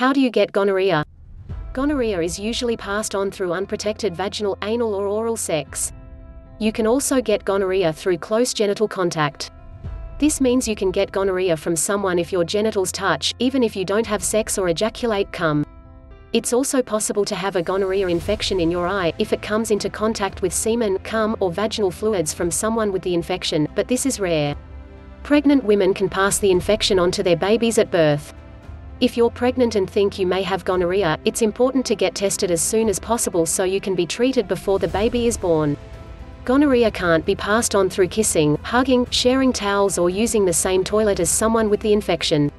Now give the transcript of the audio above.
How do you get gonorrhea? Gonorrhea is usually passed on through unprotected vaginal, anal or oral sex. You can also get gonorrhea through close genital contact. This means you can get gonorrhea from someone if your genitals touch, even if you don't have sex or ejaculate cum. It's also possible to have a gonorrhea infection in your eye if it comes into contact with semen, cum, or vaginal fluids from someone with the infection, but this is rare. Pregnant women can pass the infection onto their babies at birth. If you're pregnant and think you may have gonorrhea, it's important to get tested as soon as possible so you can be treated before the baby is born. Gonorrhea can't be passed on through kissing, hugging, sharing towels or using the same toilet as someone with the infection.